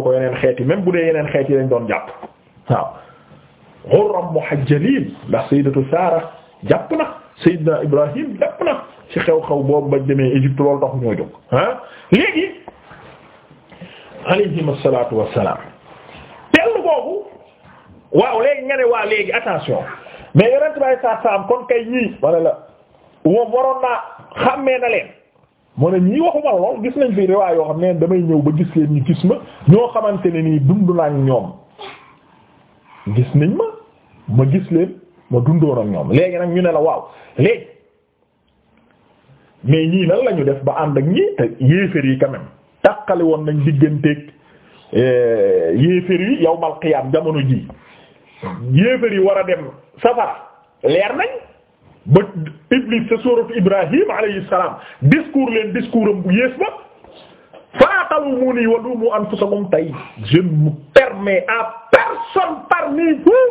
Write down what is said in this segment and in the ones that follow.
ko yeneen xeeti yi bu dee yeneen xeet lañ doon jàpp waaw xurram muhajjalin ndax sayyidatu Saara jàpp na sayyidna Ibrahim jàpp na ci xew-xew boobu bañ demee Égypte loolu tax ñoo jóg ah. léegi alayhim assalatu wassalam mais yonent bay saam kon kay ñii wala la waroon naa xàmmee leen moo ne ñii waxuma lool gis nañ fi riwaay yoo xam ne damay ñëw ba gis leen ñu gis ma ñoo xamante ne nii dund naa ñoom gis nañ ma ma gis leen ma dundoon ak ñoom léegi nag ñu ne la waaw léegi mais ñii nan la ñu def ba ànd ak ñii te yéefér yi quand même tàqali woon nañ digganteeg eh, yéefér yi yow qiyaam jamono jii yéefér yi war a dem safara leer nañ ba Iblis sa sooratu Ibrahim alayhi salaam discours leen discours am bu yées ba faatalumuni wa lumu anfusakum tey je ne me permets à personne parmi vous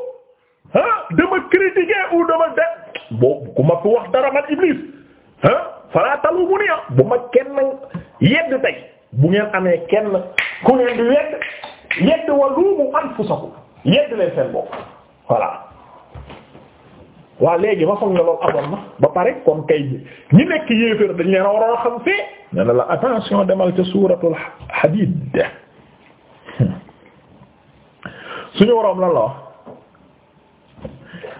ah dama critiquer ou dama def fi wax dara man Iblis ah faatalumuni ah bu ma kenn yedd tey bu ngeen amee kenn ku ngeen di yedd yedd wa lumu anfusakum yedd leen seen bopp voilà. waaw léegi ma foog ne loolu amoon na ba pare kon kay ñi nekk yéeféer dañ leen a war a xam fee ne la attention demal ca suuratul Hadid suñu waroom lan la wax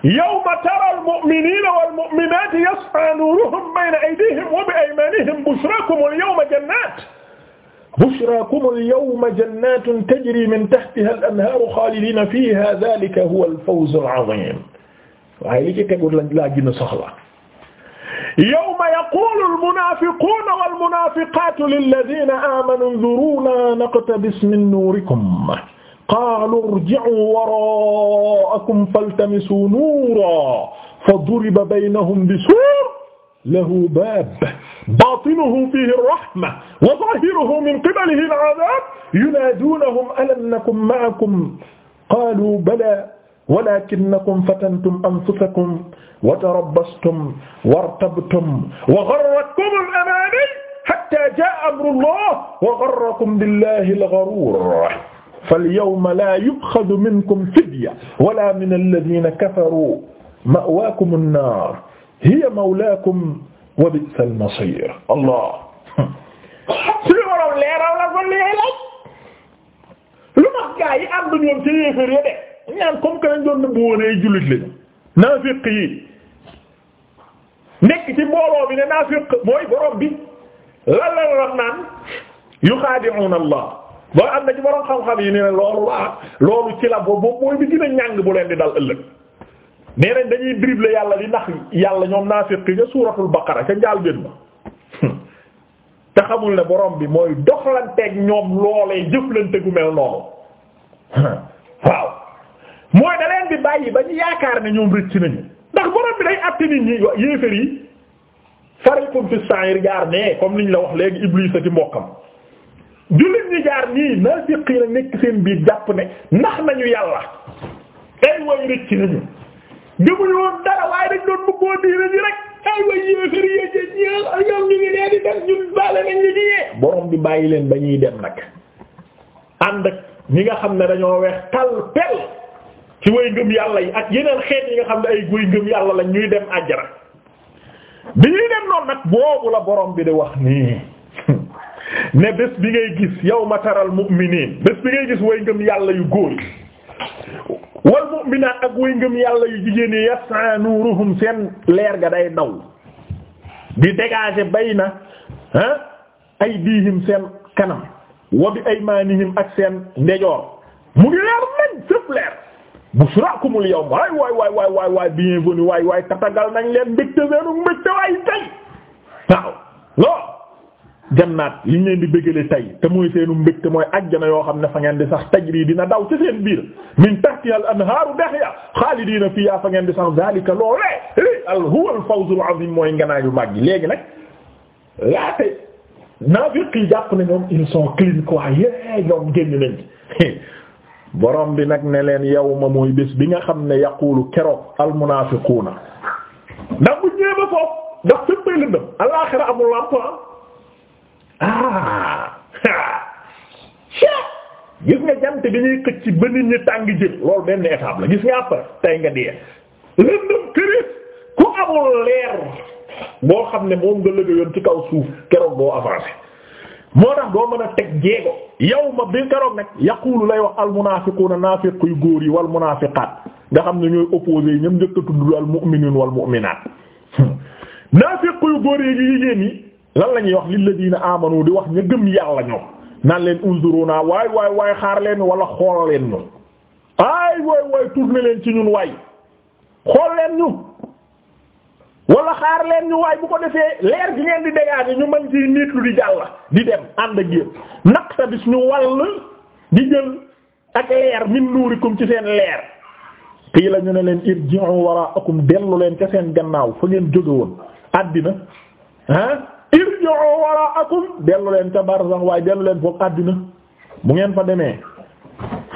yawma taral mu'miniina wal mu'minaati yas'a nuuruhum bayna aydihim wa bi aymaanihim bushraakumul yawma jannaat bushraakumul yawma jannaatun tajrii min tahtihaa al-anhaaru xaalidiina fiihaa zaalika huwal fawzul aziim waaye li ci tegul lañ laa gën a soxla yawma yaqulu almunafiquna walmunafiqatu lilladina amanu nzuruna naqtabis min nurikum qaalu irji'u wara'akum faltamisu nuran faduriba baynahum bisuur lahu baab baatinuhu fiihi rahma wa zaahiruhu min qibalihi al'adaab yunaaduunahum alam nakun ma'akum qaaluu balaa walaakinnakum fatantum anfusakum wa tarabbastum wartabtum wa gharratkum al-amaani hattaa jaa'a amrullaah wa gharrakum billaahi al-gharuur falyawma laa yu'xazu minkum fidya wala min allaziina kafaruu ma'waakumu nnaar hiya mawlaakum wa bi'sa al-masiir Allah suñu borom leeral la kon li ngay laaj lu tax gaa yi ànduñu ci yéefar yi de ñaan comme que lañ doon nëbbu woon ay jullit lañu naafiq yi nekk ci mbooloo bi ne naafiq mooy borom bi lan la la naan yuxaadi'uuna Allah loolu am na yi ne loolu loolu ci la boobu mooy bi dina ñàng bu leen di dal ëllëg nee nañ dañuy dribbler yàlla di nax yàlla ñoom naafiq yi ca suuratul baqara ca njaal benn te xamul ne borom bi mooy doxalanteeg ñoom loolee jëflante gu mel noonu waaw. mooy da bi di bàyyi ba ñu yaakaar ne ñoom rëcc nañu ndax borom bi day àtte nit ñi yéefar yi fariqun fi sa'ir jaar nee comme niñ la wax léegi Iblis a ci mbokkam jullit ñi jaar nii naafiq yi nekk seen biir jàpp ne ndax nañu yàlla ay way rëcc nañu gëmuñu dara waaye dañ doon bëggoo diina ji rek ay way yéefar yi ci ñoom ñu ngi nee di dem ñun baale nañ ñu ci yee borom bi bàyyi leen ba ñuy dem nag ànd ak nga xam ne dañoo weex tal pel ci way ngëm yàlla yi ak yeneen xeet yi nga xam ne ay way ngëm yàlla lañ ñuy dem àjjana bi ñuy dem noonu nag boobu la borom bi di wax nii ne bés bi ngay gis yow taral mu'miniin bés bi ngay gis way ngëm yàlla yu góor wal mu'minaat ak way ngëm yàlla yu jigéen yi yas'a nuruhum seen leer ga day daw di dégager bayna ah aydihim seen kanam wa bi aymanihim ak seen ndejoor mu ngi leer nañ sëpp leer bushraakumul yawm waay waay waay waay waay waay waay waay tatagal nañ leen mbégte seenu mbégte waay tey waaw loo jannaat li ñu leen di bëggale tey te mooy seenu mbégte mooy ajjana yoo xam ne fa ngeen di sax tajri dina daw ci seen biir min tahtiha al anhaaru dahya xaalidiina fiihaa fa ngeen di sax zaalika loolee li huwa al fawzul aziim mooy nganaayu mag yi léegi nag laate naafiq yi jàpp ne ñoom ils sont clean quoi ñoom génn nañ borom bi nag ne leen yawma mooy bés bi nga xam ne yaqulu keroog almunaafiquuna ndax bu ñëwee ba foofu ndax fépp lëndëm alaaxira amul ah. lamp gis nga jant bi ñuy xëcc ba nit ñi tàng jël loolu benn étape la gis nga après tey nga dee lëndëm këris ku amul leer boo xam ne moom nga lëgëyoon ci kaw suuf keroog boo avancé moo tax doo mën a teg jéego yow ma bi keroog nag yaqulu lay wax almunafiquna naafiq yu góor yi wal munafiqaat nga xam ne ñooy opposé yi ñoom njëkk a tudd al mu'minuun wal mu'minaat naafiq yu góor yi jigéen yi lan la ñuy wax lilladiina amanu di wax ñu gëm yàlla ñoom naan leen unzuruna waay waay waaye xaar leen wala xool leen ñu ay waay waay tourné leen ci ñun waay xool leen ñu. wala xaar leen ñu waay bu ko defee leer gi ngeen di dégager ñu mën ci nit lu di jàll di dem ànd ak yéen naq ta bis ñu wall di jël ak leer min nuurikum ci seen leer kii la ñu ne leen irji'u wara'akum dellu leen ca gannaaw fa ngeen jóge woon àddina ah irji'u dellu leen ca barzax waaye dellu leen foofu àddina bu ngeen fa demee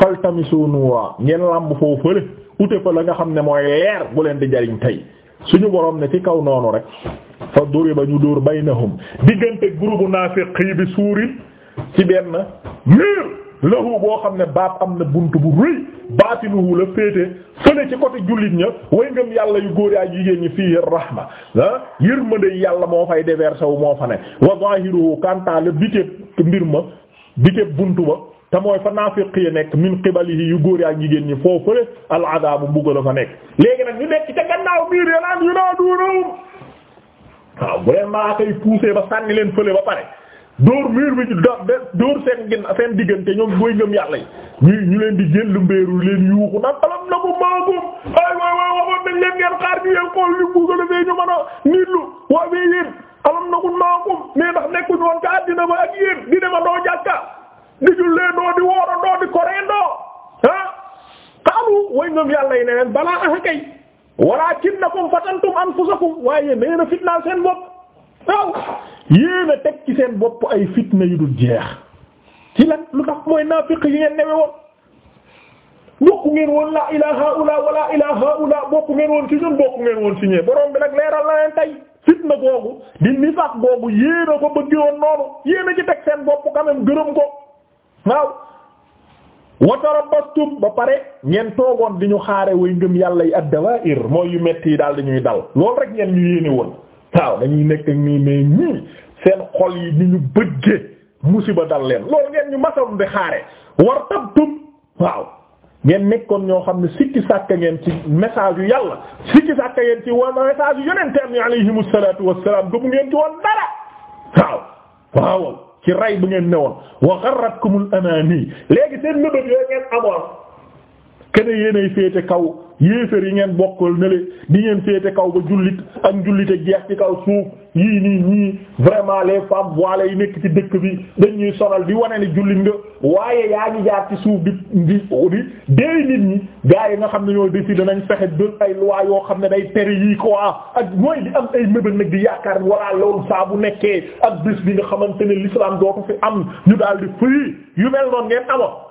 faltamisu nuura ngeen làmb foofu fële ute fa la nga xam ne mooy leer bu leen di jariñ tey suñu borom ne ci kaw noonu rek fa duriba ñu dóor bay baynahum diggante groupe naafiq yi bi suurin ci benn mur lahu boo xam ne baat am na bunt bu rëy baatinuhu la féete fële ci côté jullit ña way ngëm yàlla yu góor ak jigéen ñi fii rahma ah yërmande yàlla moo fay déversé wu moo fa ne wa zahiruhu kanta la mbir ma bitéeb bunt ba te mooy fa naafiq yi nekk min qibalihi yu góor ak jigéen ñi foofu fële al adaabu la fa nekk léegi nag ñu nekk ca gannaaw biir yalaan yu naa duunaum waaw bu leen maa koy pousser ba sànni leen fële ba pare dóor mur bi dóor seen diggante ñoom booy ngëm yàlla yi ñu ñu leen di jël lu mbéeru leen yuuxu na talam na ko maagum ay waay waay waxoon nañ leen ngeen xaar bi yeen xool li buggal a fee ñu mën a nit lu waa fee yéen alam na ko di jullee doo di wooro doo di koreendoo ah xaalu way ngam yàlla yi ne leen balaa asa kay walaakinnakum fatantum anfusakum waaye nee na fitnaal seen bopp waaw yéena teg ci seen bopp ay fitna yu dul jeex ci lan lu tax mooy naafiq yi ngeen newe woon bokku ngeen woon la ilaha ula wala ilaha ula bokku ngeen woon ci ñun bokku ngeen woon ci ñee borom bi nag leeral na leen tey fitna googu di nifaaq googu yéena ko bëgg woon noonu yéena ci teg seen bopp quand même waaw wa ba pare ngeen toogoon di ñu xaare way ngëm yàlla yi ad-dawaa'ir mooy yu metti yi daal dañuy dal loolu rek ngeen ñu yéene woon waaw dañuy nekk nii mais ñii seen xol yi ni ñu bëggee musiba dal leen loolu ngeen ñu masoon di xaare war tabtum waaw ngeen nekkoon ñoo xam ne sikki sàkka ngeen ci message yu yàlla sikki sàkka ngeen ci wa message yu yonenteem yi alayhimu salaatu wassalaam gëmu ngeen ci woon dara waaw waaw ci ray bu ngeen newoon wa gharratkumul amani léegi seen nëbët yooyu ngeen amoon kene yéenay féete kaw yéefér yi ngeen bokkool ne le di ngeen féete kaw ba jullit ak njullite jeex ci kaw suuf yii nii ñii vraiment les femmes voilées yi nekk ci dëkk bi dañuy solal di wane ne jullit nga waaye yaa ngi jaar ci suuf di di di déey nit ñi gars yi nga xam ne ñoo décidé nañ fexe dël ay loi yoo xam ne day tere yii quoi ak mooy di am ay mébal nag di yaakaar walla loolu saa bu nekkee ak bis bi nga xamante ne l'islam dootu fi am ñu daal di fëyi yu mel ngeen amoon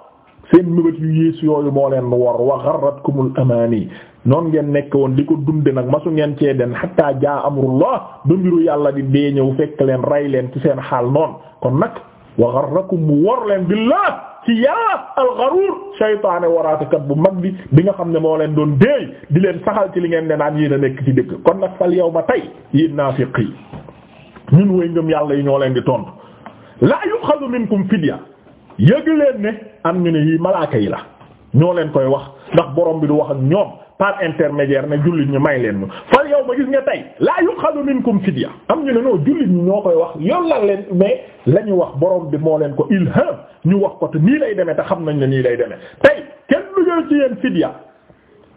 seen mëbët yu yéesu yooyu moo leen war wa gharratkumul amaani noon ngeen nekk woon di ko dunde nag masu ngeen cee den hatta jaa amrullah du mbiru yàlla di dee ñëw fekk leen rey leen ci seen xaal noon kon nag wa gharrakum mu war leen billah ci yàlla alxaruur saytaane waraatekat bu mag bi bi nga xam ne moo leen doon déey di leen saxal ci li ngeen ne naan yéen a nekk ci dëkk kon nag fal yow ma tey yéen naafiq yi ñun woy ngëm yàlla yi ñoo leen di tontu laa yuxadu minkum fidya yëg leen ne am ñu ne yii malaaka yi la ñoo leen koy wax ndax borom bi du wax ak ñoom par intermédiaire ne jullit ñi may leen ñu far yow ma gis nga tey laa yuqalu minkum fidya am ñu ne non jullit ñi ñoo koy wax yolla leen mais la ñu wax borom bi moo leen ko ilham ñu wax ko te nii lay demee te xam nañ ne nii lay demee tey kenn du jël ci yeen fidya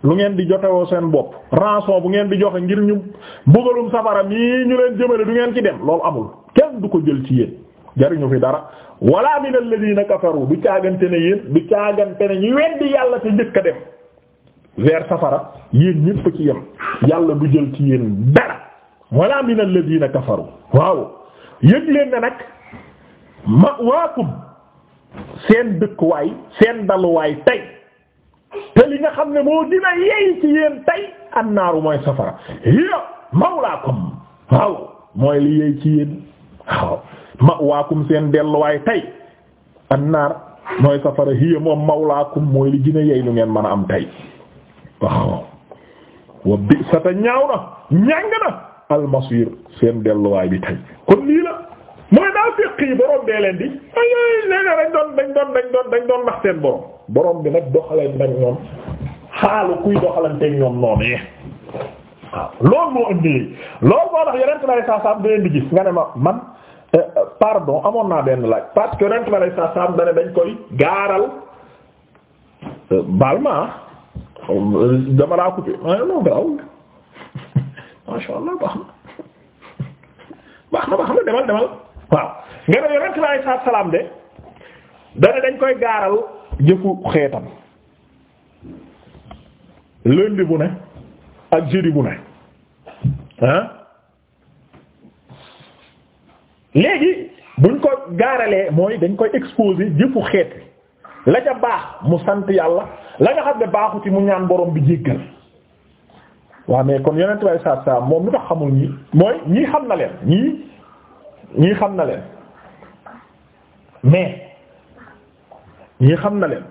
lu ngeen di jotewoo seen bopp rançon bu ngeen di joxe ngir ñu bëggalum safara mii ñu leen jëmale du ngeen ci dem loolu amul kenn du ko jël ci yeen jariñu fi dara wala min alladhina kafaru du caagante ne yéen du caagante ne ñu weddi yàlla te njëkk a dem vers safara yéen ñëpp ci yem yàlla du jël ci yéen dara wala min alladhina kafaru waaw yëg leen ne nag ma'waakum seen dëkkuwaay seen daluwaay tey te li nga xam ne moo dina yey ci yéen tey annaaru mooy safara hiya mawlaakum waaw mooy li yey ci yéen waaw ma'waakum seen delluwaay tey annaar mooy safara hiya moom mawlaakum mooy li gën a yey lu ngeen mën a am tey waaw wa bi sa te ñaaw na ñàng na almasir seen delluwaay bi tey kon lii la mooy naa féq yi borom dee leen di ay léegi dañ doon dañ doon dañ doon dañ doon nax seen borom borom bi nag doxaleen nag ñoom xaalu kuy doxalanteeg ñoom noonu waaw loolu moo indi loolu moo tax yeneen sa saa saa am di gis nga ne ma man Euh, pardon amoon naa benn laaj parce que yonent ma lay sa sam dañ koy gaaral euh, baal ma dama laa coupé ma non garaw masha Allah demal demal waaw nga ne yonent ma lay salaam de dane dañ koy gaaral jëfu xeetam lundi bu ne ak jeudi bu ne ah léegi buñ ko gaaralee mooy dañ koy exposer jëfu xeet la ca baax mu sant yàlla la xam ne baaxu ci mu ñaan borom bi jéggal waaw mais kon yonent way saat saa moom lu tax xamul ñi mooy ñii xam na leen ñii ñii xam na leen mais ñii xam na leen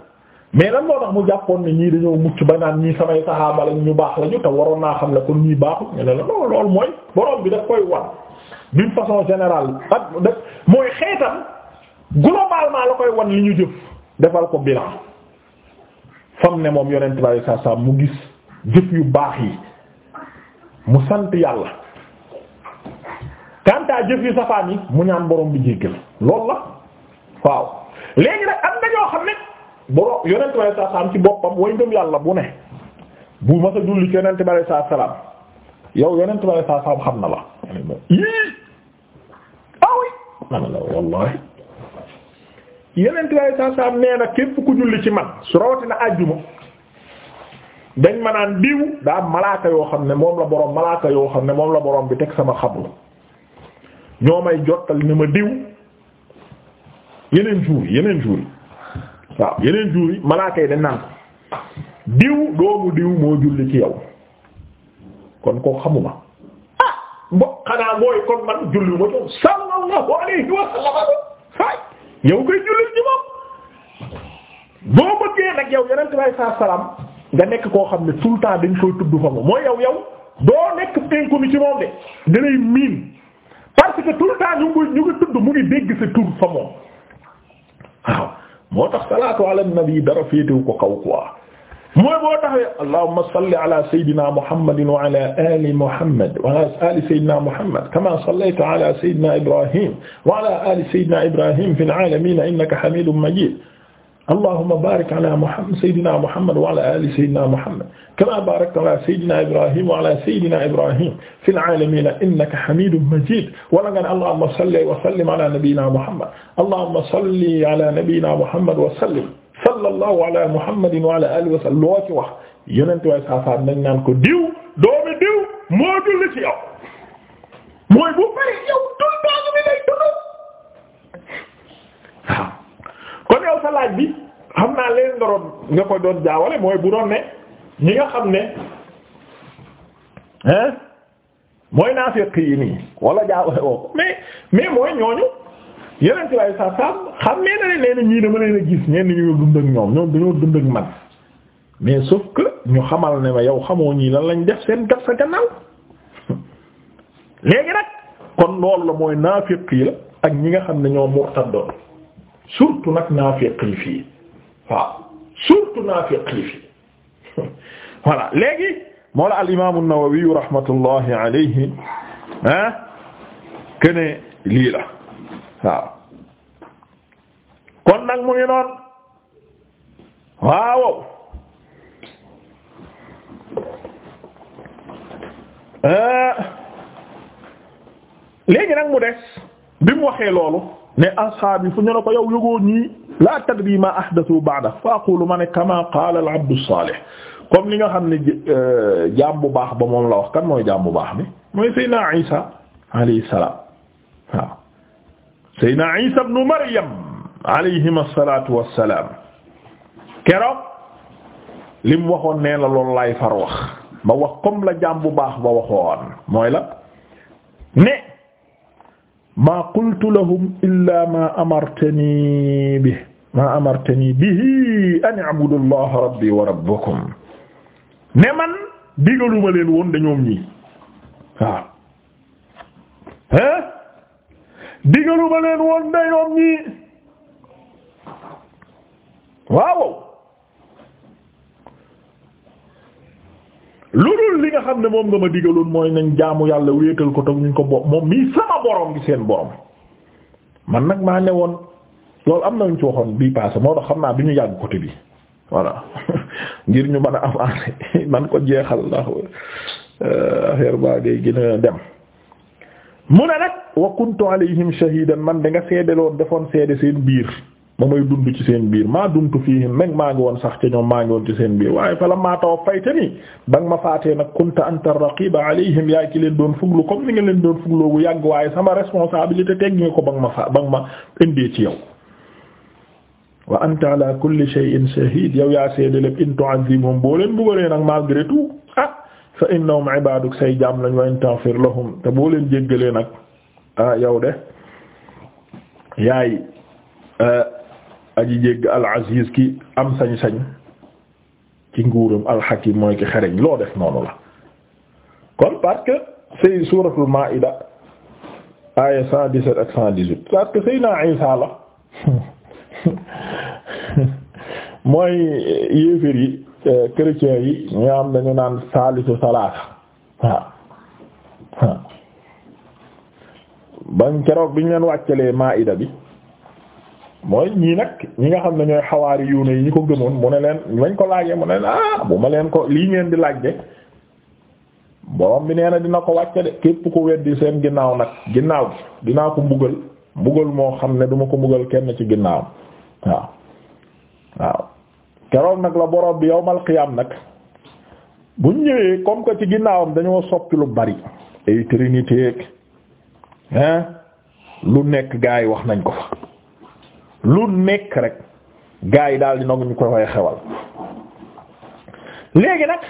mais moo tax mu jàppoon ne ñii dañoo mucc ba naan ñii samay saxaaba lañ ñu baax lañu te waroon naa xam ne kon ñii baaxu ñu ne la loolu mooy borom bi daf koy wan d'une façon général ak da mooy xeetam globalement la koy wan li ñu jëf defal ko bilan fam ne moom yonent bi saa saa mu gis jëf yu baax yi mu sant yàlla kantaa jëf yu safaan yi mu ñaan borom bi jéggal loolu la waaw léegi nag am na xam ne borom yonent bi saa saa ci boppam way ngëm yàlla bu ne bu ma sa julli ci yonent bi saa salaam yow yonent bi saa saa xam na la mane ma i wallahi yeneen waaye saa saa nee na képp ku julli ci man su rawatina àjjuma dañ ma naan diw daa malaaka yoo xam ne moom la boroom malaaka yoo xam ne moom la boroom bi teg sama xablu ñoo may jottali ne ma diw yeneen jour yeneen jour yi waaw yeneen jour yi malaaka yi dañ naan diw doomu diw moo julli ci yow kon ko xamuma mbo xanaa mooy kon man julli ma moom sallallahu alayhi wa sallam fay yow koy julli ci moom boo bëggee nag yow yeneen bi alei salaam nga nekk koo xam ne tout le temps dañ koy tudd fa moom mooy yow yow doo nekk dénku ni ci moom de dalay miin parce que tout le temps ñu ngi koy ñu ngi tudd mu ngi dégg sa tur fa moom waaw moo tax salaatu ala nabi dara féetewu ko kaw quoi mooy boo taxee allahumma salli ala sayyidina muhammadin wa ala ali muhammad wa ala ali sayyidina muhammad kama sallayta ala sayyidina ibrahim wa ala ali sayyidina ibrahim fil alamin innaka hamidun majid allahumma barik ala muhammad sayyidina muhammad wa ala ali sayyidina muhammad kama barakta ala sayyidina ibrahim wa ala sayyidina ibrahim fil alamin innaka hamidun majid wala nga ne allahumma salli wa sallim ala nabiyyina muhammad allahumma salli ala nabiyyina muhammad wa sallim sallallahu ala muhammadin wa ala alihi wa sallam loo ci wax yonent waaye saasaan nañ naan ko diw doomi diw moo julli ci yow mooy bu pare yow tul baagu bi lay dund waaw kon yow sa laaj bi xam naa leen nga nga ko doon jaawale mooy bu doon ne ñi nga xam ne hein mooy naafiq yi nii wala jaawale woo mais mais mooy ñooñu yeneen ci waaye sax sax xam nee na ne ñii dama gis ñenn ñu dund ak ñoom ñoom dañoo dund ak man mais sauf que ñu xamal ne ma yow xamoo ñii lan lañu def seen gat sa gannaaw léegi nag kon loolu la mooy naafiq yi la ak ñi nga xam ne ñoo murtadoon surtout nag naafiq yi fii waaw surtout naafiq fii voilà léegi moo la al imaamu Nawawi rahmatullahi alayhi ah kene lii la waaw kon nag mu ngi noonu waaw eh. léegi nag mu des bi mu waxee loolu ne ashaabi fu ñu ne ko yow yëgoo ñii la tadri ma ahdathu ba'da fa ma ne kama qaala al comme li nga xam ne eh, jaam bu baax ba moom la wax kan mooy jaam bu baax bi mooy Seydina Isa alayhi salaam Seydina Isa ibnu Maryam alayhim assalaatu wassalaam keroog li mu waxoon nee la loolu laay far wax ma wax comme la jaam bu baax ba waxoon mooy la ne maa qultu lahum illaa maa amartanii bihi maa amartanii bihi an a'budu llaha rabbii wa rabbakum ne man digaluma leen woon dañoom ñi waaw digalu ma leen woon day ñoom ñii lu dul li nga xam ne moom nga ma digaloon mooy nañ jaamu yàlla wéetal ko toog ñu ko bo moom mii sama borom gi seen borom man nag maa ne woon loolu am na ñu ci waxoon bii passé moo tax xam naa bi ñu yàgg côté bi voilà ngir ñu mën a avancer man ko jeexal ndax euh, affaire baa day gën a dem mu ne nag wa kuntu alayhim shahidan man da nga seedeloon defoon seede seen biir ma may dund ci seen biir maa dumtu fii meg maa ngi woon sax ca ñoom maa ngi woon ci seen biir waaye fa la maa tawaffaytani ba nga ma faatee nag kunta anta raqiba alayhim yaa ki leen doon fuglu comme ni nga leen doon fugloogu yàgg waaye sama responsabilité tegg nga ko ba ma fa ba nga ma indee ci yow wa anta ala kulli shay'in shahid yow yaa seede lépp in tu'azibhum boo leen bëggoon nag malgré tout fa innahum ibaaduk say jaam lañ wa in taghfir lahum te boo leen jéggalee nag ah de yaay eh, aji jégg al aziz ki am sañ-sañ ci nguuram al hakim mooy ki xereñ loo def noonu la kon parce que say suuratul maa'ida mooy yéeféer yi chrétiens yi ñu am dañu naan saalisu salaata waaw waaw bañ keroog biñ leen wàccalee maida bi mooy ñii nag ñi nga xam ne ñooy xawaari yuune yi ñu ko gëmoon mu ne leen bañ ko laaje mu ne leen ah bu ma leen ko lii ngeen di laaj de borom bi nee na dina ko wàcce de képp ko weddi seen ginnaaw nag ginnaaw bi dinaa ko mbugal mbugal moo xam ne duma ko mbugal kenn ci ginnaaw waaw waaw keroog nag la borom bi yawmal qiyaam nag bu ñëwee comme que ci ginnaawam dañoo soppi lu bari ay trinité hein lu nekk gaa yi wax nañ ko fa lu nekk rek gaa yi daal di nangu ñu ko fay xewal léegi nag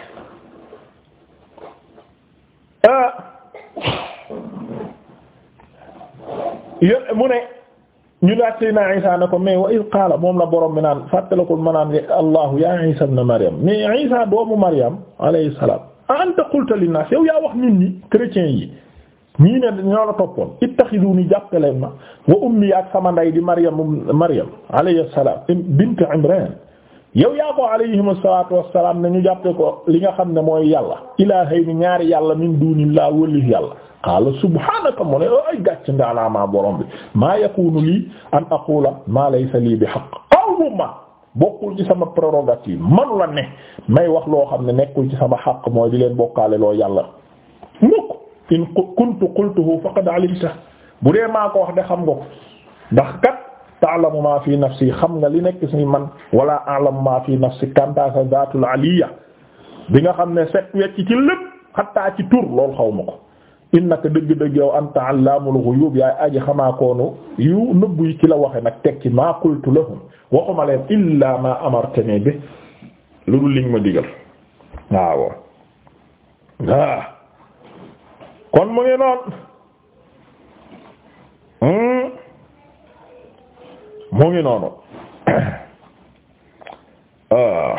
euh, mu ne ñu laaj Seydina Isa ne ko mais wa iz qaala moom la borom mi naan fàttalikul ma naan allahu ya Isa ibn Maryam mais Isa doomu Maryam alayhi salaam anta qulta linnaas yow yaa wax nit ñi chrétiens yi ñii ne ñoo la toppoon ittaxiduni jàppale ma wa ummi ak sama nday di Maryam Maryam alayhi salaam bint Imran yow yaa ko alayhim asalatu wasalaam ne ñu jàppe ko li nga xam ne mooy yàlla ilahay ni ñaari yàlla min dunillah wëlif yàlla qaala subhanaka mu ne ay gàcc ngaalaamaa borom bi maa yakunu lii an aqula maa laysa lii bi haqq awuma bokkul ci sama prérogative manu la ne may wax loo xam ne nekkul ci sama xaq mooy di leen bokkaale loo yàlla mukk in kuntu qultuhu faqad alimta bu dee maa ko wax de xam nga ko ndax kat ta'lamu ma fi nafsi xam nga li nekk ci man wala a'lamu ma fi nafsi kanta sa zaatul bi nga xam ne set wecc ci lépp xattaa ci tur lool xaw ma ko innaka dëgg-dëgg yow anta allaamul ghuyub yaay aji xamaa koonu yu nëbb yi ci la waxe nag teg ci maa qultu lahum waxuma leen illaa ma amartani bi lu dul liñ ma digal waaw waaw kon mu ngi noon hmm? mu ngi noonu ah.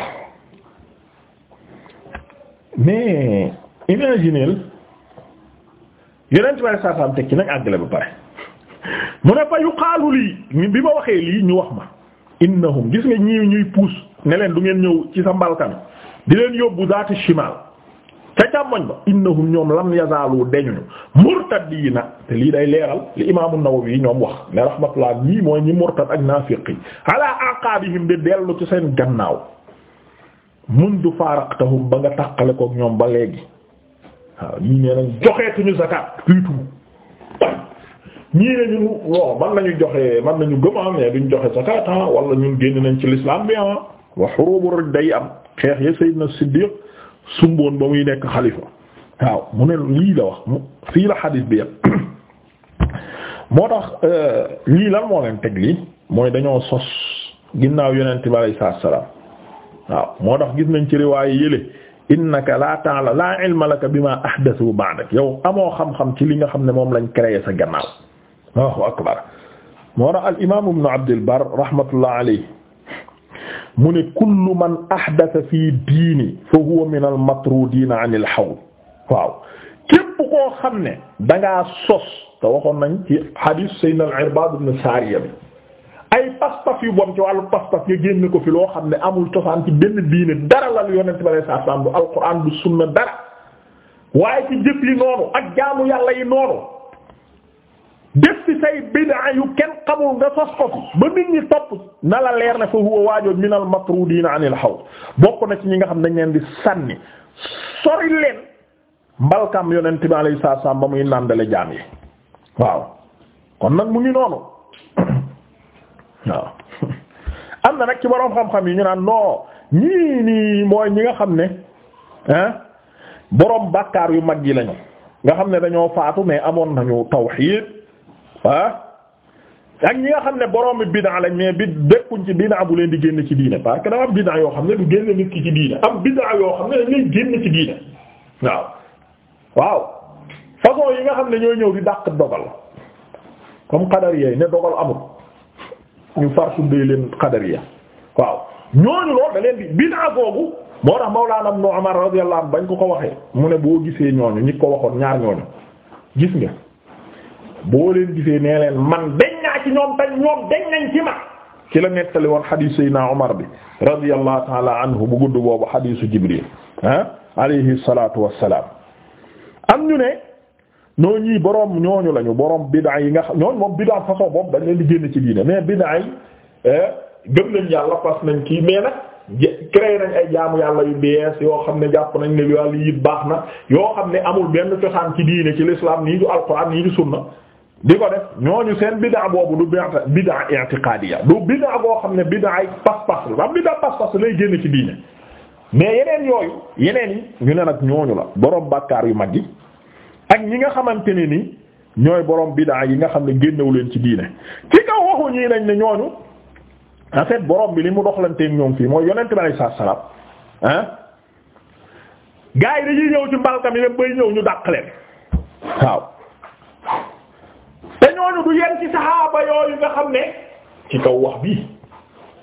mais imaginez yeneen ci bari saasaam teg ci nag àggale ba pare mu ne fa yuqaalu lii bi ma waxee lii ñu wax ma innahum gis nga ñii ñuy puus ne leen du ngeen ñëw ci sa mbalkan di leen yóbbu zaati shimal ca càmmoñ ba innahum ñoom lam yazaalu deñuñu murtadiina te lii day leeral li imaamu Nawawi ñoom wax ne rahmatullah lii mooy ñi murtad ak naafiqi ala aqaabihim di dellu ci seen gannaaw mundu faaraqtahum ba nga tàqale kook ñoom ba léegi waaw ñii nee nañ joxeetuñu zakat du tout ñii ne ñun non man nañu joxe man nañu gëm am ah, ne duñ joxe zakat ah wala ñun génn nañ ci l'islam bi ah wa hurubu day am xeex ya sayyidna Siddiq sumboon ba muy nekk xalifa waaw mu ne lii la wax fii la xadis bi yam moo tax euh, lii lan mooy dañoo sos ginnaaw yonent bi alayhi salaatu salaam waaw moo tax gis nañ ci riwaaye yële innaka laa taala laa ilma laka bima ahdathu ba'dak yow amoo xam-xam ci li nga xam ne moom lañ créé sa gannaaw Allahu akbar moo tax al imaam ibnu Abdul mu ne kullu man ahdatha fii diini fa huwa min al matrudiina anil hawl waaw képp koo xam ne dangaa sos te waxoon nañ ci hadith sayyidina al Irbaad ibn Saariya bi ay pastaf yu bon ci wàllu pastaf nga génn ko fi loo xam ne amul cosaan ci benn diine dara la yonent bi saa saam du alquran du sunna dara waaye ci jëf yi noonu ak jaamu yàlla yi noonu. def ci say bid'a yu kenn xamul nga sos ko ba nit ñi topp na la leer ne fa huwa waajoo min al matrudiina anil haw bokk na ci ñi nga xam dañ leen di sànni sori leen mbalkam yonent bi alayhi salaam ba muy nàndale jaam yi waaw kon nag mu ngi noonu waaw am na nag ci boroom xam-xam yi ñu naan non ñii nii mooy ñi nga xam ne ah boroom bàkkaar yu mag yi lañu nga xam ne dañoo faatu mais amoon nañu tawxiid ah ak ñi nga xam ne borom bi bid'a mi mais bi dekkuñ ci biina bu leen di génn ci diine parce que dafa am bid'a yoo xam ne du génn nit ki ci diine am bid'a yoo xam ne dañ leen génn ci diine waaw waaw façon yi nga xam ne ñooy ñëw di dàq dogal comme yi ne dogal amul ñu far suddee leen qadariya waaw ñooñu loolu da leen di bid'a googu moo tax Mawlana Ibn Umar radiyallahu anhu bañ ko ko waxee mu ne boo gisee ñooñu ñi ko waxoon ñaar ñooñu gis nga. boo leen gisee nee leen man dañ naa ci ñoom tañ ñoom dañ nañ ci ma ci la nettali woon xadiis Seydina Omar bi radiyallahu taala anhu bu gudd boobu xadiisu Jibril ah alayhi salaatu wassalaam am ñu ne ñoo ñii boroom ñooñu lañu boroom bid'a yi nga xam ñooñu moom bid'a façon boobu dañ leen di génn ci diine mais bid'a yi eh, gëm nañ yàlla fas nañ kii mais nag créé nañ ay jaamu yàlla yu bees yoo xam ne jàpp nañ ne yàlla yi baax na yoo xam ne amul benn cosaan ci diine ci l'islam nii du di ko def ñooñu seen biddaa boobu du biddaa biddaa i'tiqaadiya du biddaa boo xam ne biddaa ay pas-pas la ba biddaa pas-pas lay génn ci diine mais yeneen yooyu yeneen yi ñu ne nag ñooñu la boroom bakkaar yu mag yi ak ñi nga xamante ni ni ñooy borom biddaa yi nga xam ne génnewu leen ci diine ci kaw waxu nañ ne ñooñu en fait borom bi li mu doxalanteeg ñoom fii mooy yonent bi alayhi salaam ah gars yi dañuy ñëw ci mbalka mi dem bay ñëw ñu dàq leen waaw. te ñooñu du yem ci saxaaba yooyu nga xam ne ci kaw wax bi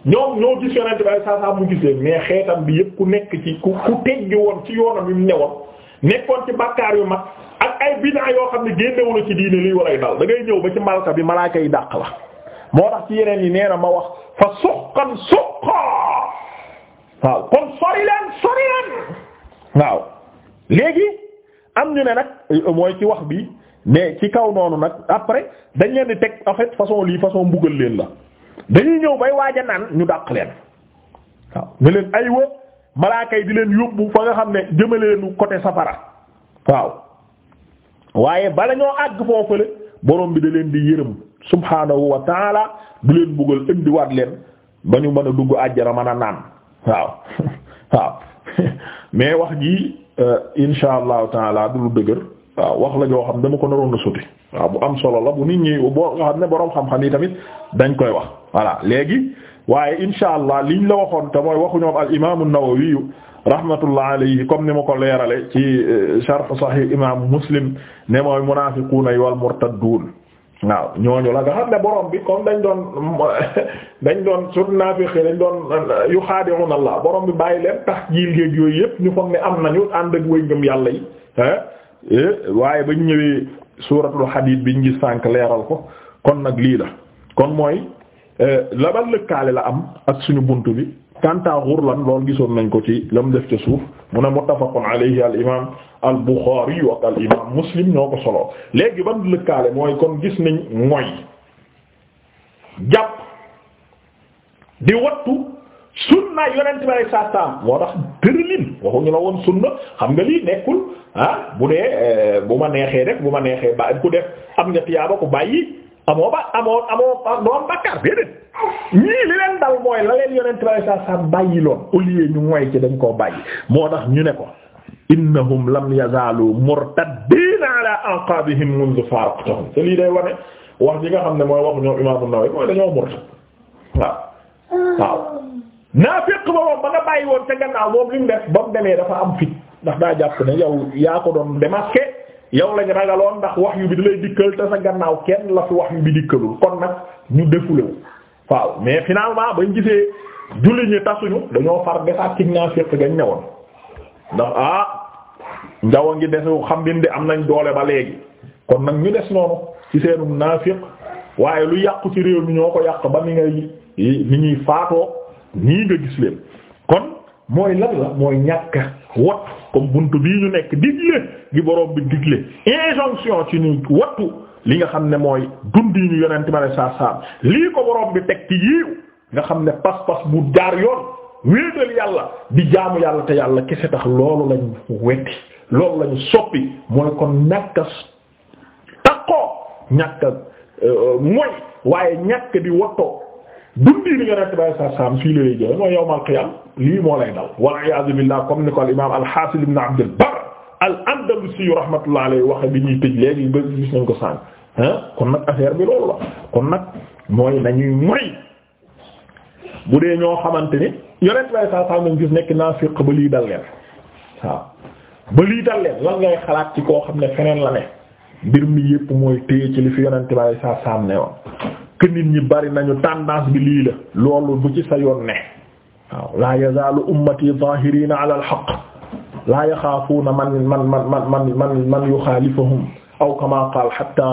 ñoom ñoo gis yonent bi saa mu gisee mais xeetam bi yëpp ku nekk ci ku ku teggi woon ci yoonam yu mu newoon nekkoon ci bakkaar yu mag ak ay bid'a yoo xam ne génnewu la ci diine lii walay dal da ngay ñëw ba ci malaka bi malaaka yi dàq la moo tax ci yeneen yi nee na ma wax fa suqan suqa waaw kon sori leen waaw léegi am ñu ne nag mooy ci wax bi mais ci kaw noonu nag après dañ leen di teg en fait façon lii façon mbugal leen la dañuy ñëw bay waaj naan ñu dàq leen waaw ne leen ay malaaka malaakay di leen yóbbu fa nga xam ne jëmale leen côté safara waaw waaye bala ñoo àgg foofale borom bi da leen di yërëm subhanahu wa taala du leen buggal indiwaat leen ba ñu mën a dugg àjjana mën a naan waaw waaw mais wax jii euh, insha allahu taala du lu dëgër. waaw wax la joo xam dama ko naroon a sotti waaw bu am solo la bu nit ñi boo nga xam ne boroom xam-xam yi tamit dañ koy wax voilà léegi waaye insha allah liñ la waxoon te mooy waxu ñoom al imaamu Nawawi rahmatullah yi comme ni ma ko leerale ci euh, sharh sahih imaamu Muslim ne mooy munaafiquuna wal murtadduun waaw ñooñu la nga xam ne borom bi comme dañ doon dañ doon surtout naafiqi dañ doon yu xaadi'uuna Allah borom bi bàyyi leen tax jiil géej yooyu yëpp ñu foog ne am nañu ak wëy ngëm yàlla yi Eh, waaye ba ñu ñëwee suuratul bi ñu ngi sànk leeral ko kon nag lii la kon mooy eh, la ban lëkkaale la am ak suñu bunt bi kanta xurlan lool gisoon nañ ko ci la mu def ca suuf mu ne muttafaqun alayhi al imam al Bukhari wa al imam Muslim ñoo ko soloo léegi ban lëkkaale mooy kon gis nañ mooy jàpp di wattu sunna yonent bi ay saa moo tax tërëlin waxuñu la woon sunna xam nga lii nekkul ah bu dee eh, bu ma neexee def bu ma neexee ba ku def am nga tiyaaba ku bàyyi amoo ba amoo amoo doon bakkaar déedéet ñii li leen dal mooy la leen yonent bi ay bàyyi loon au ñu moy ci dañ koo bàyyi moo tax ñu ne ko innahum lam yazaalu murtaddiina ala anqaabihim mundu faaraqtahum te lii day wane wax yi nga xam ne mooy wax ñoom Imaam an mooy dañoo murtad waaw naafiq ba moom ba nga bàyyi woon ca gannaaw moom li mu ba mu demee dafa am fit ndax daa jàpp ne yow yaa ko doon démasqué yow lañ ragaloon ndax wax yu bi da lay dikkal te sa gannaaw kenn la fi wax yu bi dikkalul kon nag ñu defulewu waaw mais finalement bañ gisee julli ñi tasuñu dañoo far desaat ci naafiq gañ newoon ndax ah njaw a ngi desu xam bindi am nañ doole ba léegi kon nag ñu des noonu ci seenum naafiq waaye lu yàqu ci réew mi ñoo ko yàq ba ni ngay ni ñuy faatoo nii nga gis leen kon mooy lan la mooy ñàkk wat comme buntu bii ñu nekk digle gi borom bi digle injonction ci ñu wattu li nga xam ne mooy dund yi ñu yonent ma ne saa saa lii ko borom bi teg ci yiiw nga xam ne pas-pas bu jaar yoon wéetal yàlla di jaamu yàlla te yàlla kese tax loolu lañu wetti loolu lañu soppi mooy kon ñàkk takkoo ñàkk a euh, waaye ñàkk di wattoo dundi li saa saam fii la mooy yawmal qiyaam lii moo lay dal wal iyaadu billaah comme ni ko al imaam al-Haafiz ibn Abd al-Barr al-Andalusi rahmatullahi alayhi waxe bi ñuy tëj léegi ba gis nañ ko sànq ah kon nag affaire bi loolu la kon nag mooy nañuy moy bu dee ñoo xamante ni yonent bi saa saam lañ gis nekk naafiq ba lii dal leen waaw ba lii dal leen lan ngay xalaat ci koo xam ne feneen la ne mbir mi yépp mooy téye ci li fi yonent que nit ñi bari nañu tendance bi lii la loolu bu ci sa yoon ne waaw laa yazaalu ummati zahirina ala alhaq laa yaxaafuuna man man man man man man man yuxaalifahum aw kama qaal hatta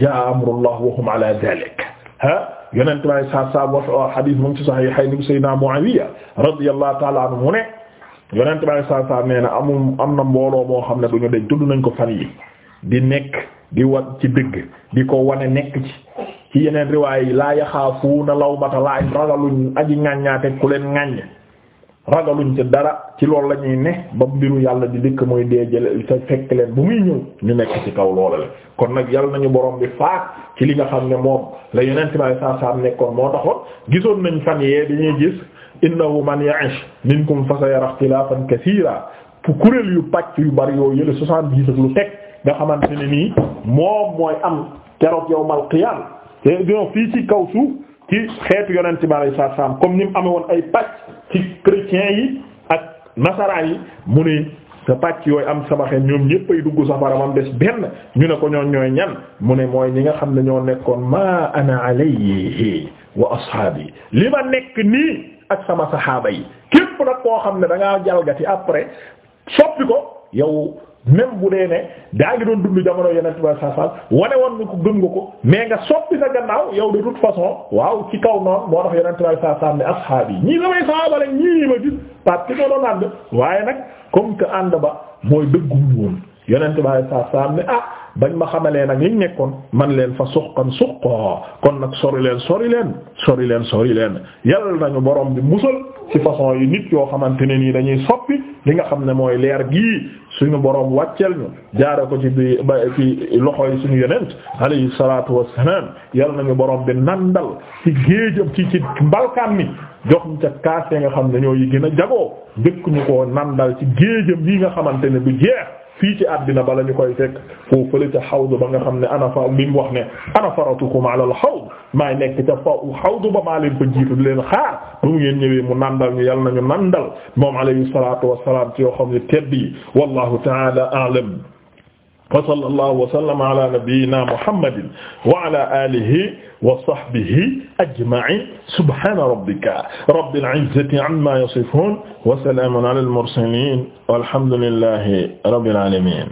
jaa amrullah wa hum ala dhalik ha yonent may sa sa wax hadith mu ngi ci sahihayni bu sayyidina Muawiya radiyallahu ta'ala anhu mu ne yonent may sa sa nee na amul am na mbooloo moo xam ne du ñu deñ tudd nañ ko fan yi di nekk di wat ci dëgg di ko wane nekk ci ci yeneen riwaay yi laa yaxaafuuna lawmata laa'im ragaluñ aji ŋaññaate ku leen ŋaññ ragaluñ ci dara ci loolu la ñuy ne ba mbiru yàlla di dikk mooy dee jële te fekk leen bu muy ñëw ñu nekk ci kaw loola kon nag yàlla nañu borom bi faat ci li nga xam ne moom la yeneen ci maay saa saa nekkoon moo taxoon gisoon nañ fan yee dañuy gis innahu man ya'ish minkum fa sayara ikhtilafan kaseera fu kuréel yu pàcc yu bari yoo yële soixante-dix ak lu teg nga xamante ne nii moom mooy am keroog yawmal qiyaam non fii ci kaw suuf ci xeetu yonent bi alayhi salaam comme ni mu amee woon ay pàcc ci chrétiens yi ak nasaraan yi mu ne te pàcc yooyu am sama sabaxen ñoom ñépp ay dugg safara mam des benn ñu ne ko ñoon ñooy ñan mu ne mooy ñi nga xam ne ñoo nekkoon ma ana alayhi wa ashaabi li ma nekk nii ak sama saxaaba yi képp nag koo xam ne da ngaa jalgati après soppi ko yow même bu dee ne daa ngi doon dund jamono yonent ba saa saa wane woon nga ko gëm nga ko mais nga soppi sa gannaaw yow de toute façon waaw ci kaw noonu moo tax yonent ba saa saa ne asxaab yi ñii samay saxaaba lañ ñii ma gis parce que ñoo doon waaye nag comme que ànd ba mooy dëgguwul woon yonent ba saa ni ne ah bañ ma xamalee nag liñ nekkoon man leen fa suqan suqoo kon nag sori leen sori leen sori leen sori leen yàlla nañu borom bi musal ci façon yi nit yoo xamante ne nii dañuy soppi li nga xam ne mooy leer gii suñu borom wàcceel ñu jaare ko ci bi ba ci loxoy suñu yonent alayhi salaatu wassalaam yal nañu borom bi nandal ci géejam ci ci mbalkaan mi jox ñu ca kaas nga xam ne ñoo yi gën a jagoo dëkk ñu ko nandal ci géejam yi nga xamante ne du jeex fii ci àddina bala ñu koy fekk foofu fële ca xawdu ba nga xam ne ana fa bi mu wax ne ana faratukum ala maay nekk ca fa xawdu ba maa leen fa jiitu di leen xaar bu mu ngeen ñëwee mu nandal ñu yàlla nañu nandal moom alayhi salaatu wassalaam ci yoo xam ne tedd yi wallahu ta'ala a'lam wa sallallahu wa sallama ala nabiyyina muhammadin wa ala alihi wa sahbihi ajma'in subhana rabbika rabbil izzati amma yasifun wa salamun ala al mursalin walhamdulillahi rabbil alamin